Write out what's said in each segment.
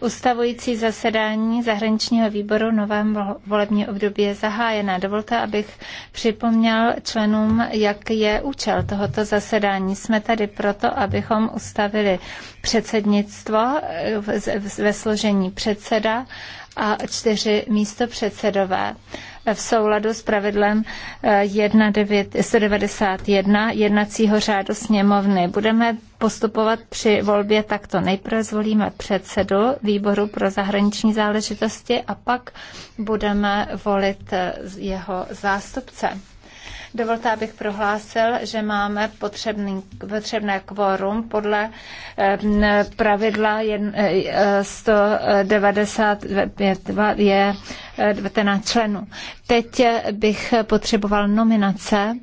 Ustavující zasedání zahraničního výboru novém volebním období je zahájené. Dovolte, abych připomněl členům, jak je účel tohoto zasedání. Jsme tady proto, abychom ustavili předsednictvo eh, ve složení předseda a čtyři místopředsedové v souladu s pravidlem 191 eh, jednacího řádu sněmovny. Budeme postupovat při volbě takto. Nejprve zvolíme předsedu výboru pro zahraniční záležitosti a pak budeme volit eh, jeho zástupce. Dovolte, abych prohlásil, že máme potřebný, potřebné kvorum podle eh, pravidla 195 eh, eh, je 19 členů. Teď bych potřeboval nominace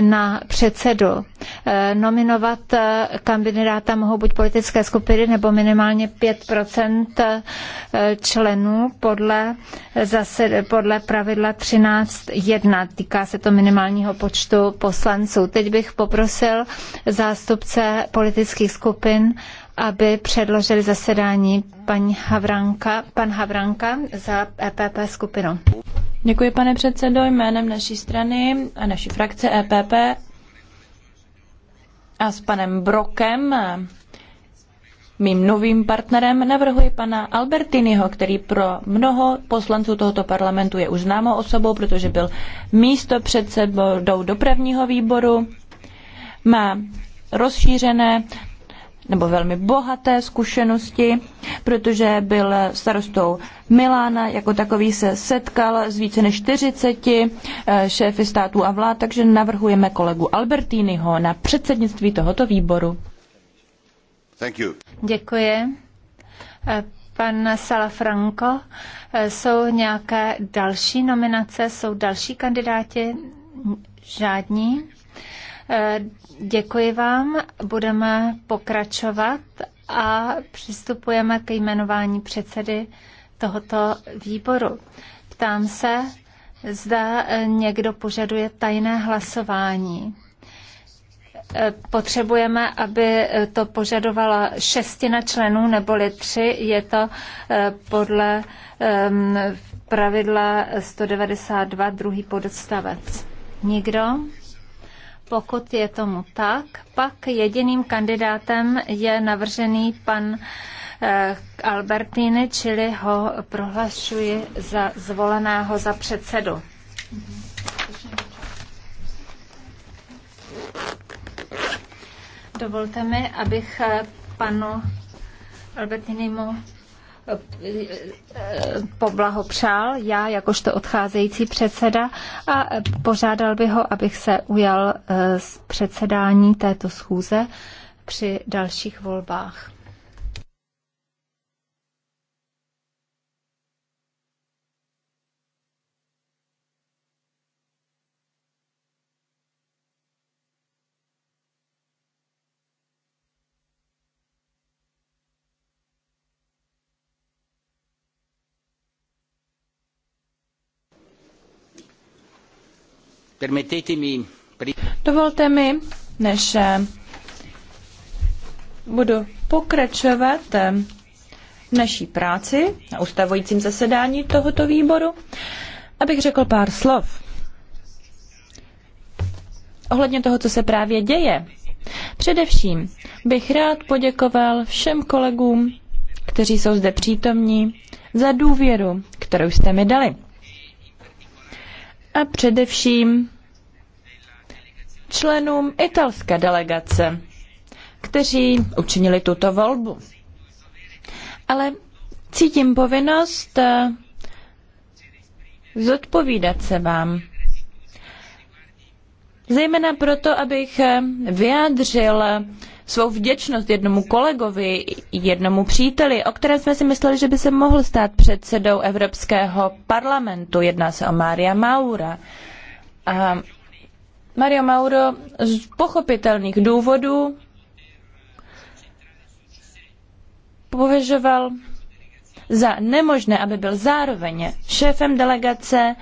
na předsedu. Eh, nominovat eh, kandidáta mohou buď politické skupiny nebo minimálně 5 eh, členů podle, zase, podle pravidla 13.1. Týká se to minimálního počtu poslanců. Teď bych poprosil zástupce politických skupin, aby předložili zasedání paní Havranka, pan Havranka za EPP skupinu. Děkuji, pane předsedo, jménem naší strany a naší frakce EPP a s panem Brokem, mým novým partnerem, navrhuji pana Albertiniho, který pro mnoho poslanců tohoto parlamentu je už známou osobou, protože byl místo předsedou dopravního výboru, má rozšířené nebo velmi bohaté zkušenosti, protože byl starostou Milána, jako takový se setkal s více než 40 eh, šéfy států a vlád, takže navrhujeme kolegu Albertínyho na předsednictví tohoto výboru. Thank you. Děkuji. Eh, pan Salafranco, eh, jsou nějaké další nominace, jsou další kandidáti? Žádní. Eh, děkuji vám, budeme pokračovat a přistupujeme k jmenování předsedy tohoto výboru. Ptám se, zda eh, někdo požaduje tajné hlasování. Eh, potřebujeme, aby to požadovala šestina členů neboli tři. Je to podle ehm, pravidla 192 druhý podstavec. Nikdo? Pokud je tomu tak, pak jediným kandidátem je navržený pan eh, Albertini, čili ho prohlašuji za zvoleného za předsedu. Dovolte mi, abych eh, panu Albertinimu poblahopřál já jakožto odcházející předseda a požádal by ho, abych se ujal eh, z předsedání této schůze při dalších volbách. Dovolte mi, než eh, budu pokračovat eh, v naší práci na ustavujícím zasedání tohoto výboru, abych řekl pár slov ohledně toho, co se právě děje. Především bych rád poděkoval všem kolegům, kteří jsou zde přítomní, za důvěru, kterou jste mi dali a především členům italské delegace, kteří učinili tuto volbu. Ale cítím povinnost eh, zodpovídat se vám. Zejména proto, abych eh, vyjádřil svou vděčnost jednomu kolegovi, jednomu příteli, o kterém jsme si mysleli, že by se mohl stát předsedou Evropského parlamentu. Jedná se o Mária Maura. A Mario Mauro z pochopitelných důvodů považoval za nemožné, aby byl zároveň šéfem delegace,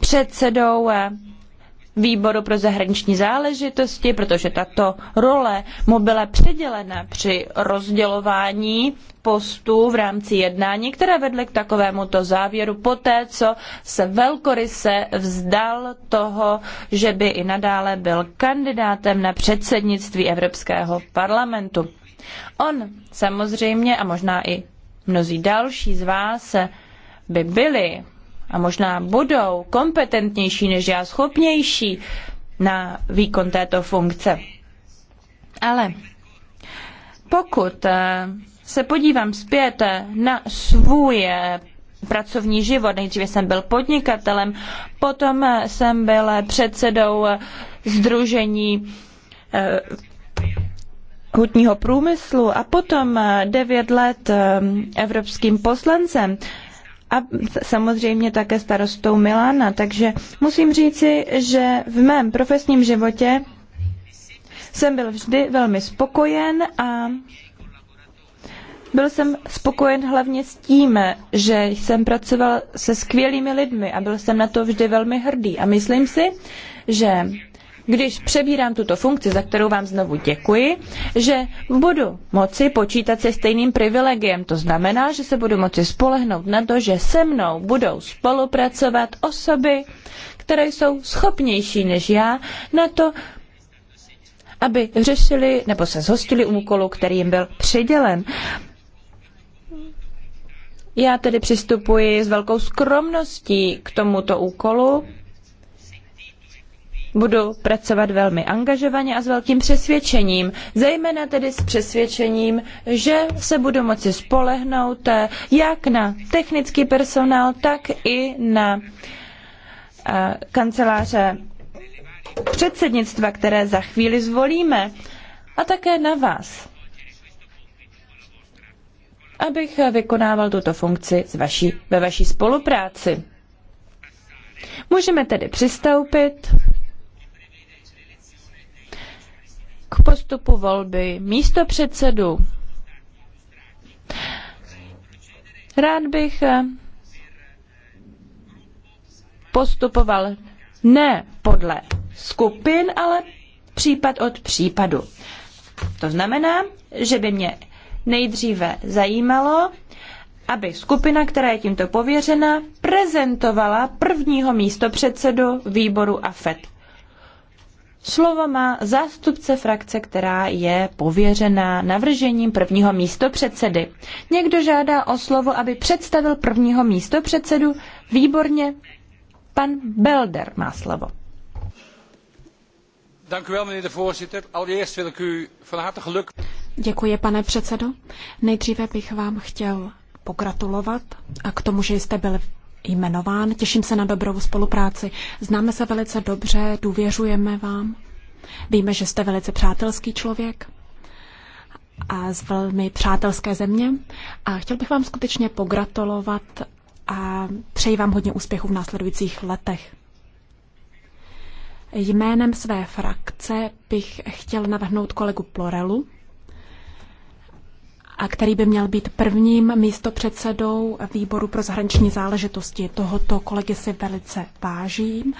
předsedou výboru pro zahraniční záležitosti, protože tato role mu byla předělena při rozdělování postů v rámci jednání, které vedly k takovémuto závěru poté, co se velkoryse vzdal toho, že by i nadále byl kandidátem na předsednictví Evropského parlamentu. On samozřejmě a možná i mnozí další z vás by byli a možná budou kompetentnější než já, schopnější na výkon této funkce. Ale pokud eh, se podívám zpět eh, na svůj eh, pracovní život. Nejdříve jsem byl podnikatelem, potom jsem byl předsedou Združení hutního průmyslu a potom devět let evropským poslancem a samozřejmě také starostou Milána. Takže musím říci, že v mém profesním životě jsem byl vždy velmi spokojen a byl jsem spokojen hlavně s tím, že jsem pracoval se skvělými lidmi a byl jsem na to vždy velmi hrdý. A myslím si, že když přebírám tuto funkci, za kterou vám znovu děkuji, že budu moci počítat se stejným privilegiem. To znamená, že se budu moci spolehnout na to, že se mnou budou spolupracovat osoby, které jsou schopnější než já na to, aby řešili nebo se zhostili úkolu, který jim byl přidělen. Já tedy přistupuji s velkou skromností k tomuto úkolu, budu pracovat velmi angažovaně a s velkým přesvědčením, zejména tedy s přesvědčením, že se budu moci spolehnout eh, jak na technický personál, tak i na eh, kanceláře předsednictva, které za chvíli zvolíme, a také na vás, abych vykonával tuto funkci z vaší, ve vaší spolupráci. Můžeme tedy přistoupit k postupu volby místo předsedu. Rád bych eh, postupoval ne podle skupin, ale případ od případu. To znamená, že by mě nejdříve zajímalo, aby skupina, která je tímto pověřena, prezentovala prvního místopředsedu výboru AFET. Slovo má zástupce frakce, která je pověřena navržením prvního místopředsedy. Někdo žádá o slovo, aby představil prvního místopředsedu? Výborně. Pan Belder má slovo. Děkuji, pane předsedo. Nejdříve bych vám chtěl pogratulovat a k tomu, že jste byl jmenován. Těším se na dobrou spolupráci. Známe se velice dobře, důvěřujeme vám. Víme, že jste velice přátelský člověk a z velmi přátelské země. A chtěl bych vám skutečně pogratulovat a přeji vám hodně úspěchů v následujících letech. Jménem své frakce bych chtěl navrhnout kolegu Plorelu, a který by měl být prvním místopředsedou výboru pro zahraniční záležitosti. Tohoto kolegy si velice vážím.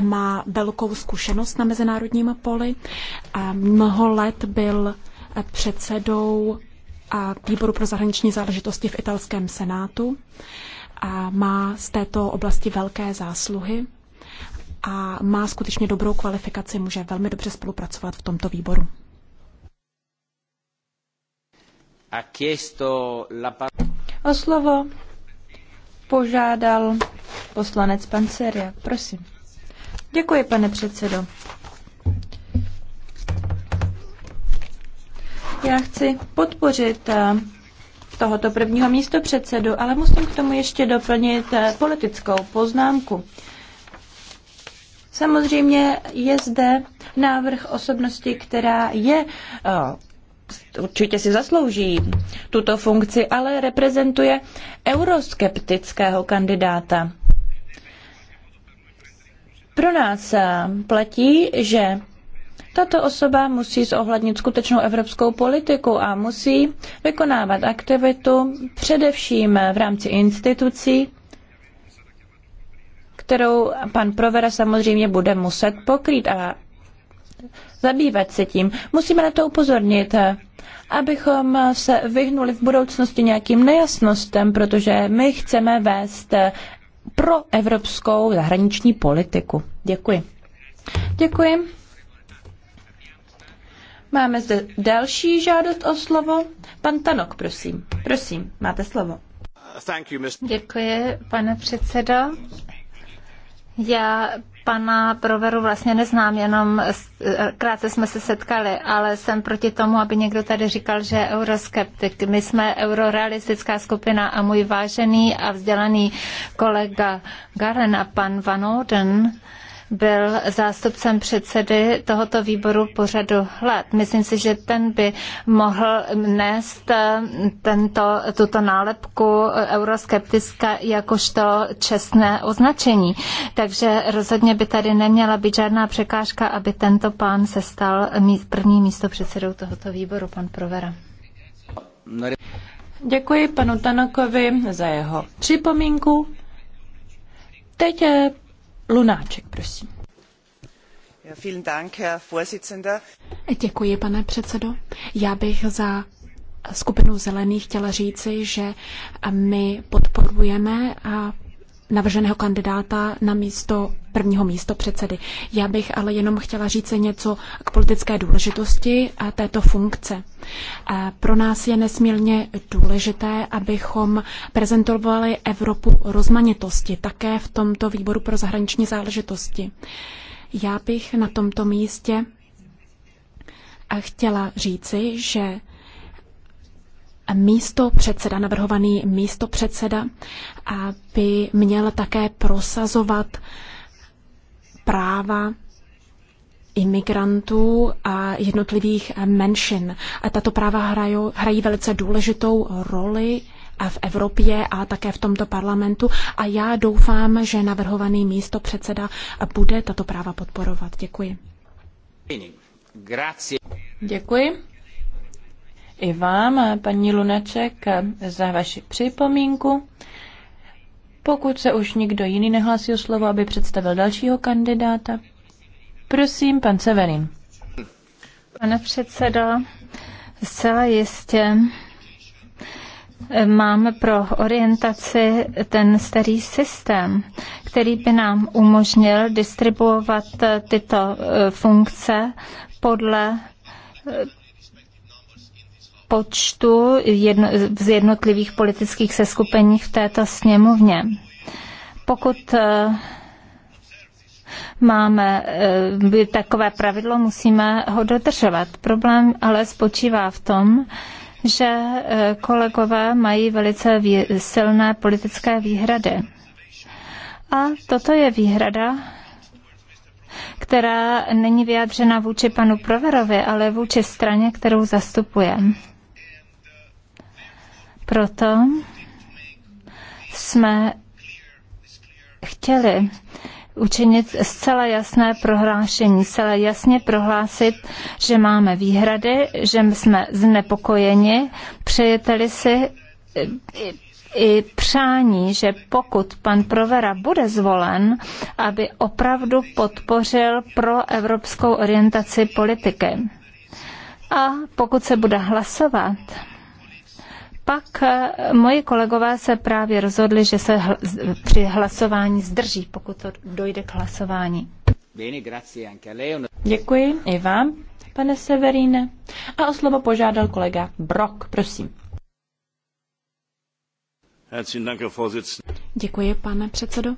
Má velkou zkušenost na mezinárodním poli. A mnoho let byl předsedou a výboru pro zahraniční záležitosti v italském senátu a má z této oblasti velké zásluhy a má skutečně dobrou kvalifikaci, může velmi dobře spolupracovat v tomto výboru. O slovo požádal poslanec Panceria. Prosím. Děkuji, pane předsedo. Já chci podpořit eh, tohoto prvního místo předsedu, ale musím k tomu ještě doplnit eh, politickou poznámku. Samozřejmě je zde návrh osobnosti, která je eh, určitě si zaslouží tuto funkci, ale reprezentuje euroskeptického kandidáta. Pro nás platí, že tato osoba musí zohlednit skutečnou evropskou politiku a musí vykonávat aktivitu především v rámci institucí, kterou pan Provera samozřejmě bude muset pokrýt a zabývat se tím. Musíme na to upozornit, abychom se vyhnuli v budoucnosti nějakým nejasnostem, protože my chceme vést pro evropskou zahraniční politiku. Děkuji. Děkuji. Máme zde další žádost o slovo. Pan Tanok, prosím. Prosím, máte slovo. Děkuji, pane předsedo. Já pana Proveru vlastně neznám, jenom eh, krátce jsme se setkali, ale jsem proti tomu, aby někdo tady říkal, že je euroskeptik. My jsme eurorealistická skupina a můj vážený a vzdělaný kolega Garen a pan Van Orden byl zástupcem předsedy tohoto výboru po řadu let. Myslím si, že ten by mohl nést eh, tento, tuto nálepku euroskeptická jakožto čestné označení. Takže rozhodně by tady neměla být žádná překážka, aby tento pán se stal první místo předsedou tohoto výboru, pan Provera. Děkuji panu Tanakovi za jeho připomínku. Teď eh, Lunáček, prosím. Děkuji, pane předsedo. Já bych za skupinu zelených chtěla říci, že my podporujeme a navrženého kandidáta na místo prvního místo předsedy. Já bych ale jenom chtěla říct něco k politické důležitosti a této funkce. Pro nás je nesmírně důležité, abychom prezentovali Evropu rozmanitosti, také v tomto výboru pro zahraniční záležitosti. Já bych na tomto místě chtěla říci, že místo předseda, navrhovaný místo předseda, by měl také prosazovat práva imigrantů a jednotlivých menšin. A tato práva hrajou, hrají velice důležitou roli v Evropě a také v tomto parlamentu a já doufám, že navrhovaný místo předseda bude tato práva podporovat. Děkuji. Děkuji i vám, paní Luneček, za vaši připomínku. Pokud se už nikdo jiný nehlásí o slovo, aby představil dalšího kandidáta, prosím, pan Severin. Pane předsedo, zcela jistě eh, máme pro orientaci ten starý systém, který by nám umožnil distribuovat eh, tyto eh, funkce podle počtu jedno, z jednotlivých politických seskupení v této sněmovně. Pokud eh, máme eh, takové pravidlo, musíme ho dodržovat. Problém ale spočívá v tom, že eh, kolegové mají velice silné politické výhrady. A toto je výhrada, která není vyjádřena vůči panu Proverovi, ale vůči straně, kterou zastupujeme. Proto jsme chtěli učinit zcela jasné prohlášení, zcela jasně prohlásit, že máme výhrady, že jsme znepokojeni, přejeteli si eh, i přání, že pokud pan Provera bude zvolen, aby opravdu podpořil pro evropskou orientaci politiky. A pokud se bude hlasovat, pak eh, moji kolegové se právě rozhodli, že se hl při hlasování zdrží, pokud to dojde k hlasování. Děkuji i vám, pane Severine. A o slovo požádal kolega Brok, prosím. Děkuji, pane předsedo.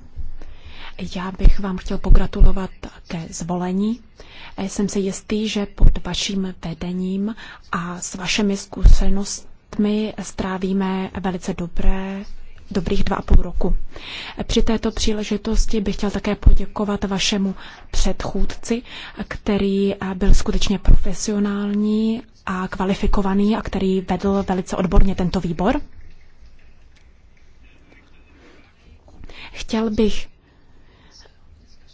Já bych vám chtěl pogratulovat ke zvolení. Jsem si jistý, že pod vaším vedením a s vašimi zkušenostmi my strávíme velice dobré dobrých dva a půl roku. Při této příležitosti bych chtěl také poděkovat vašemu předchůdci, který byl skutečně profesionální a kvalifikovaný a který vedl velice odborně tento výbor. Chtěl bych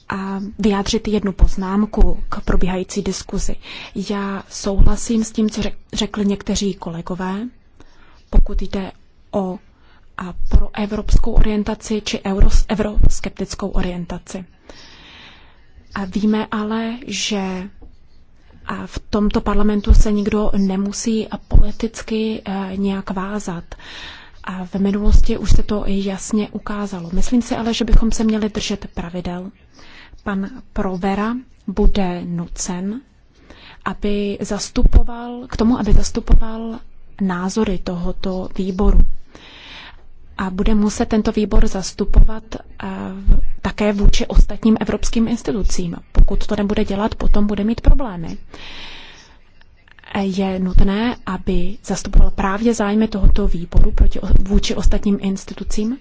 a vyjádřit jednu poznámku k probíhající diskuzi. Já souhlasím s tím, co řekli někteří kolegové, pokud jde o a pro evropskou orientaci či euro, euroskeptickou orientaci. A víme ale, že a v tomto parlamentu se nikdo nemusí politicky e, nějak vázat. A v minulosti už se to jasně ukázalo. Myslím si ale, že bychom se měli držet pravidel. Pan Provera bude nucen, aby zastupoval, k tomu, aby zastupoval názory tohoto výboru. A bude muset tento výbor zastupovat eh, také vůči ostatním evropským institucím. Pokud to nebude dělat, potom bude mít problémy. Je nutné, aby zastupoval právě zájmy tohoto výboru proti, vůči ostatním institucím.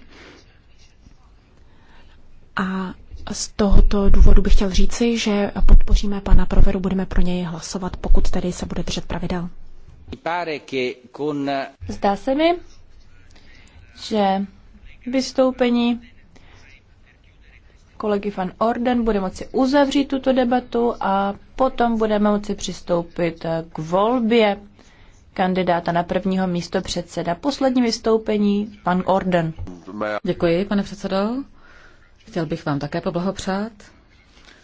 A z tohoto důvodu bych chtěl říci, že podpoříme pana Proveru, budeme pro něj hlasovat, pokud tedy se bude držet pravidel. Zdá se mi, že vystoupení kolegy van Orden bude moci uzavřít tuto debatu a potom budeme moci přistoupit k volbě kandidáta na prvního místo předseda. Poslední vystoupení, pan Orden. Děkuji, pane předsedo. Chtěl bych vám také poblahopřát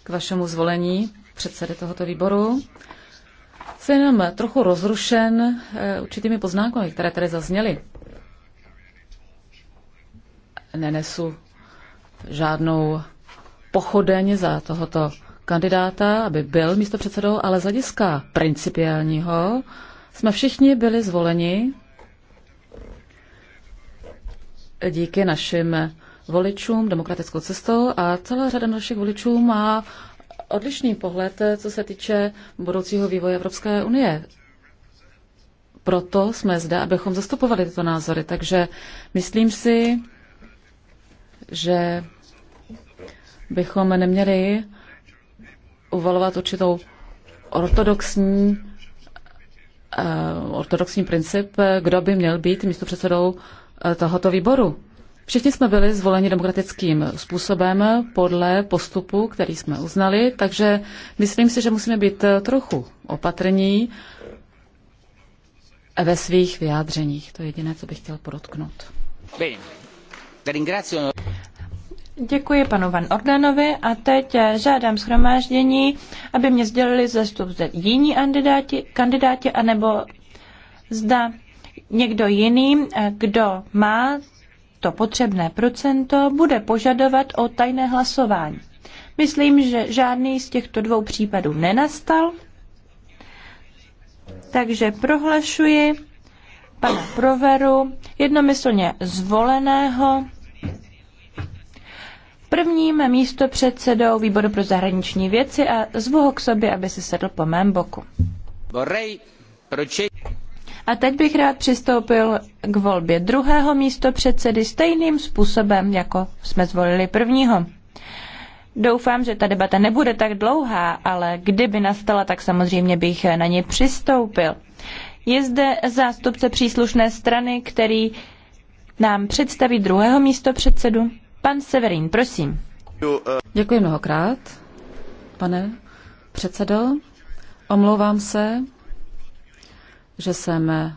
k vašemu zvolení předsedy tohoto výboru jsem jenom trochu rozrušen eh, určitými poznámkami, které tady zazněly. Nenesu žádnou pochodeň za tohoto kandidáta, aby byl místopředsedou, ale z hlediska principiálního jsme všichni byli zvoleni díky našim voličům demokratickou cestou a celá řada našich voličů má odlišný pohled, eh, co se týče budoucího vývoje Evropské unie. Proto jsme zde, abychom zastupovali tyto názory. Takže myslím si, že bychom neměli uvalovat určitou ortodoxní eh, ortodoxní princip, eh, kdo by měl být místo předsedou tohoto výboru. Všichni jsme byli zvoleni demokratickým způsobem podle postupu, který jsme uznali, takže myslím si, že musíme být trochu opatrní ve svých vyjádřeních. To je jediné, co bych chtěl podotknout. Děkuji panu Van Ordenovi a teď žádám schromáždění, aby mě sdělili zestup zde jiní kandidáti, kandidáti anebo zda někdo jiný, kdo má to potřebné procento bude požadovat o tajné hlasování. Myslím, že žádný z těchto dvou případů nenastal, takže prohlašuji pana Proveru jednomyslně zvoleného prvním místo předsedou výboru pro zahraniční věci a zvu ho k sobě, aby se sedl po mém boku. A teď bych rád přistoupil k volbě druhého místo předsedy stejným způsobem, jako jsme zvolili prvního. Doufám, že ta debata nebude tak dlouhá, ale kdyby nastala, tak samozřejmě bych na ně přistoupil. Je zde zástupce příslušné strany, který nám představí druhého místo předsedu. Pan Severín, prosím. Děkuji mnohokrát, pane předsedo. Omlouvám se, že jsem eh,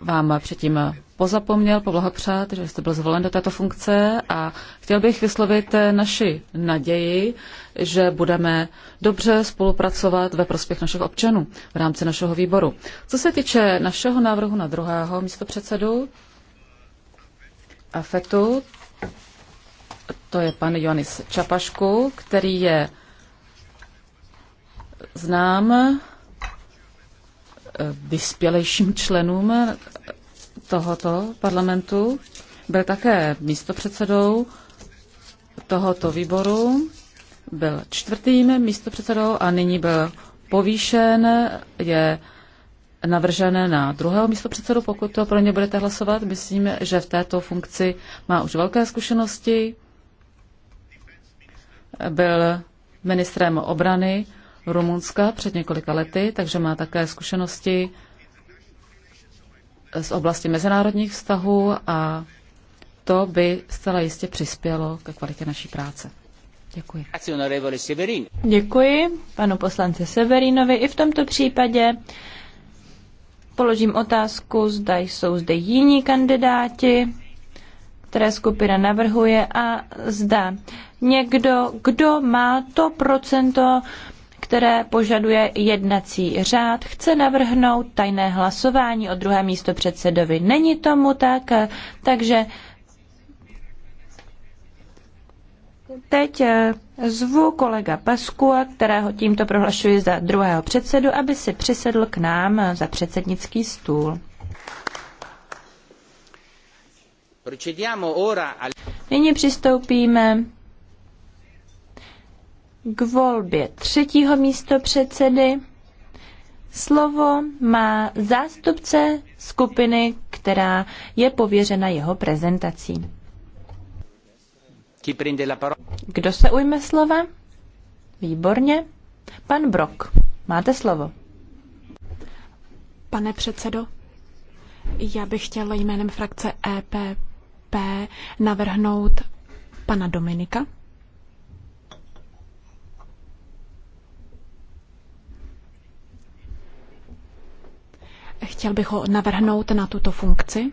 vám předtím pozapomněl, poblahopřát, že jste byl zvolen do této funkce a chtěl bych vyslovit eh, naši naději, že budeme dobře spolupracovat ve prospěch našich občanů v rámci našeho výboru. Co se týče našeho návrhu na druhého místo předsedu a FETu, to je pan Joannis Čapašku, který je znám vyspělejším členům tohoto parlamentu. Byl také místopředsedou tohoto výboru, byl čtvrtým místopředsedou a nyní byl povýšen, je navržen na druhého místopředsedu, pokud to pro ně budete hlasovat. Myslím, že v této funkci má už velké zkušenosti. Byl ministrem obrany Rumunska před několika lety, takže má také zkušenosti z oblasti mezinárodních vztahů a to by zcela jistě přispělo ke kvalitě naší práce. Děkuji. Děkuji panu poslanci Severinovi. I v tomto případě položím otázku, zda jsou zde jiní kandidáti, které skupina navrhuje a zda někdo, kdo má to procento které požaduje jednací řád, chce navrhnout tajné hlasování o druhé místo předsedovi. Není tomu tak, takže teď eh, zvu kolega Pasku, kterého tímto prohlašuji za druhého předsedu, aby si přisedl k nám za předsednický stůl. Nyní přistoupíme k volbě třetího místo předsedy. Slovo má zástupce skupiny, která je pověřena jeho prezentací. Kdo se ujme slova? Výborně. Pan Brok, máte slovo. Pane předsedo, já bych chtěl jménem frakce EPP navrhnout pana Dominika Chtěl bych ho navrhnout na tuto funkci.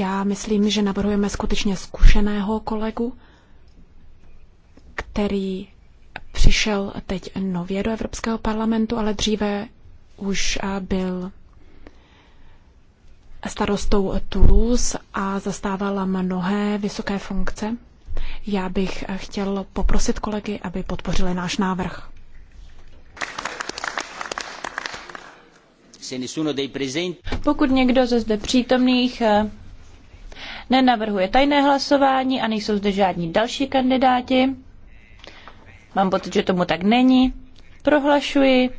Já myslím, že navrhujeme skutečně zkušeného kolegu, který přišel teď nově do Evropského parlamentu, ale dříve už byl starostou Toulouse a zastával mnohé vysoké funkce. Já bych chtěl poprosit kolegy, aby podpořili náš návrh. Pokud někdo ze zde přítomných eh, nenavrhuje tajné hlasování a nejsou zde žádní další kandidáti, mám pocit, že tomu tak není, prohlašuji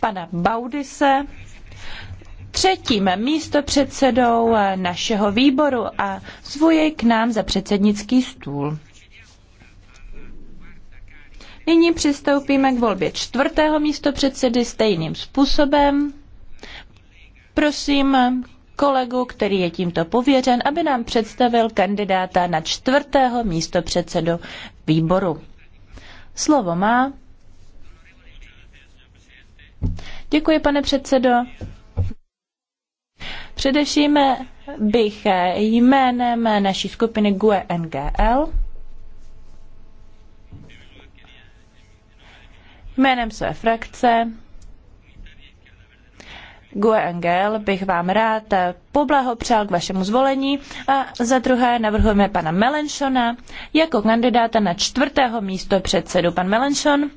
pana Baudise třetím místopředsedou eh, našeho výboru a zvu jej k nám za předsednický stůl. Nyní přistoupíme k volbě čtvrtého místo předsedy stejným způsobem. Prosím kolegu, který je tímto pověřen, aby nám představil kandidáta na čtvrtého místo předsedu výboru. Slovo má. Děkuji, pane předsedo. Především bych jménem naší skupiny GUE NGL Jménem své frakce Gue Angel bych vám rád poblahopřál k vašemu zvolení a za druhé navrhujeme pana Melenšona jako kandidáta na čtvrtého místo předsedu. Pan Melenšon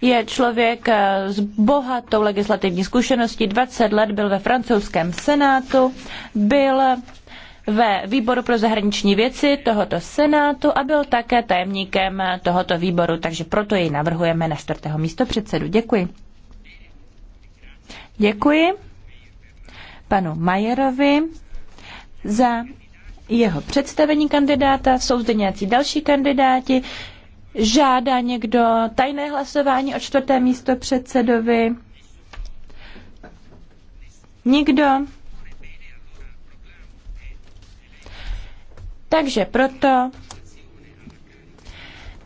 je člověk s bohatou legislativní zkušeností, 20 let byl ve francouzském senátu, byl ve výboru pro zahraniční věci tohoto senátu a byl také tajemníkem tohoto výboru, takže proto jej navrhujeme na čtvrtého místo předsedu. Děkuji. Děkuji panu Majerovi za jeho představení kandidáta. Jsou zde nějací další kandidáti. Žádá někdo tajné hlasování o čtvrté místo předsedovi? Nikdo? Takže proto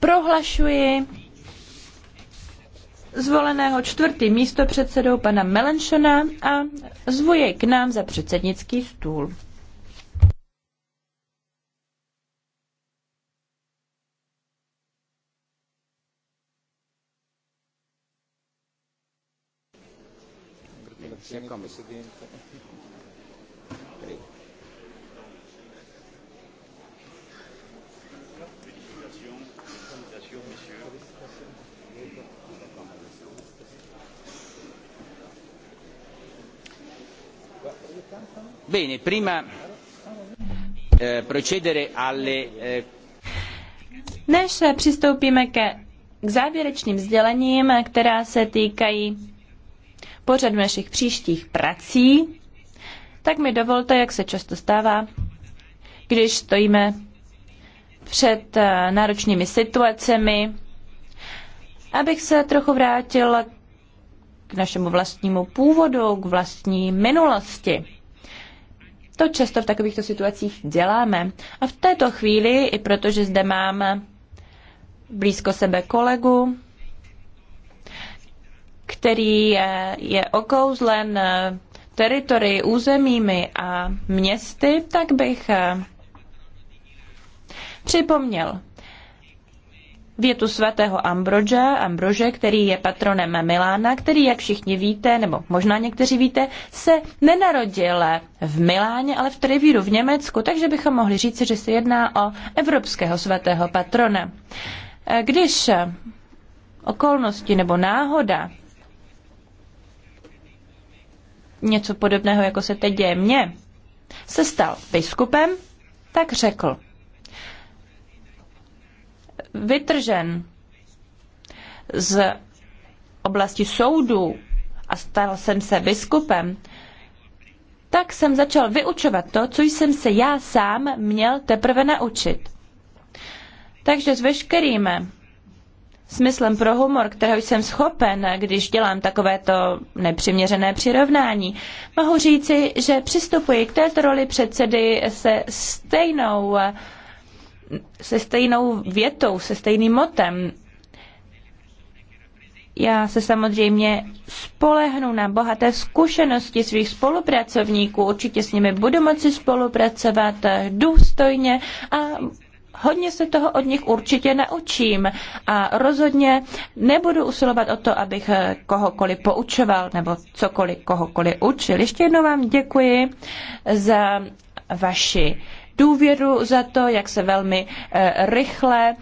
prohlašuji zvoleného čtvrtým místopředsedou pana Melenšona a zvu jej k nám za předsednický stůl. Grazie, Eh, eh, Než přistoupíme ke k závěrečným sdělením, která se týkají pořadu našich příštích prací, tak mi dovolte, jak se často stává, když stojíme před eh, náročnými situacemi, abych se trochu vrátila k našemu vlastnímu původu, k vlastní minulosti. To často v takovýchto situacích děláme. A v této chvíli, i protože zde mám blízko sebe kolegu, který je, eh, je okouzlen eh, teritorii, územími a městy, tak bych eh, připomněl větu svatého Ambrože, Ambrože, který je patronem Milána, který, jak všichni víte, nebo možná někteří víte, se nenarodil v Miláně, ale v Trevíru v Německu, takže bychom mohli říci, že se jedná o evropského svatého patrona. E, když okolnosti nebo náhoda něco podobného, jako se teď děje mně, se stal biskupem, tak řekl, vytržen z oblasti soudů a stal jsem se biskupem, tak jsem začal vyučovat to, co jsem se já sám měl teprve naučit. Takže s veškerým smyslem pro humor, kterého jsem schopen, když dělám takovéto nepřiměřené přirovnání, mohu říci, že přistupuji k této roli předsedy se stejnou se stejnou větou, se stejným motem. Já se samozřejmě spolehnu na bohaté zkušenosti svých spolupracovníků, určitě s nimi budu moci spolupracovat důstojně a hodně se toho od nich určitě naučím a rozhodně nebudu usilovat o to, abych kohokoliv poučoval nebo cokoliv kohokoliv učil. Ještě jednou vám děkuji za vaši důvěru za to, jak se velmi eh, rychle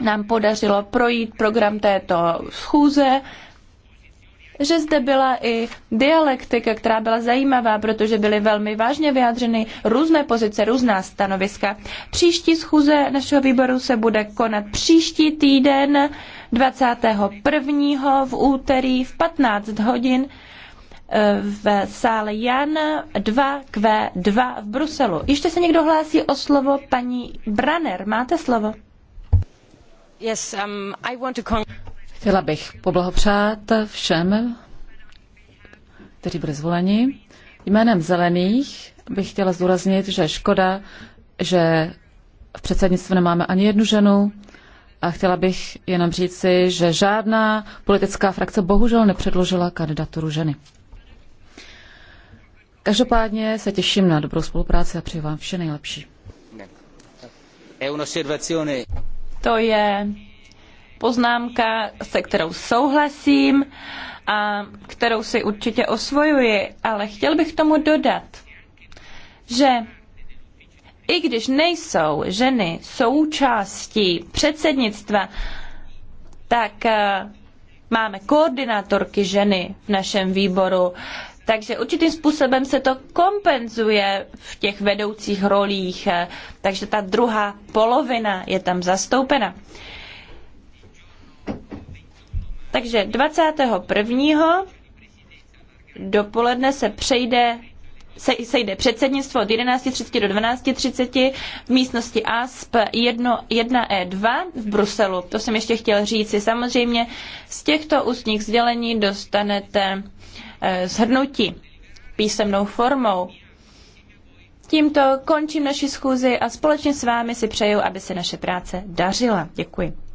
nám podařilo projít program této schůze že zde byla i dialektika, která byla zajímavá, protože byly velmi vážně vyjádřeny různé pozice, různá stanoviska. Příští schůze našeho výboru se bude konat příští týden 21. v úterý v 15 hodin v sále Jan 2Q2 v Bruselu. Ještě se někdo hlásí o slovo paní Branner. Máte slovo? Yes, um, I want to con- Chtěla bych poblahopřát všem, kteří byli zvoleni. Jménem zelených bych chtěla zdůraznit, že škoda, že v předsednictvu nemáme ani jednu ženu, a chtěla bych jenom říci, že žádná politická frakce bohužel nepředložila kandidaturu ženy. Každopádně se těším na dobrou spolupráci a přeji vám vše nejlepší. To je poznámka, se kterou souhlasím a kterou si určitě osvojuji, ale chtěl bych tomu dodat, že i když nejsou ženy součástí předsednictva, tak eh, máme koordinátorky ženy v našem výboru. Takže určitým způsobem se to kompenzuje v těch vedoucích rolích, takže ta druhá polovina je tam zastoupena. Takže 21. dopoledne se přejde se, sejde předsednictvo od 11.30 do 12.30 v místnosti ASP 1, 1E2 v Bruselu. To jsem ještě chtěl říct. Samozřejmě z těchto ústních sdělení dostanete Eh, shrnutí písemnou formou. Tímto končím naši schůzi a společně s vámi si přeju, aby se naše práce dařila. Děkuji.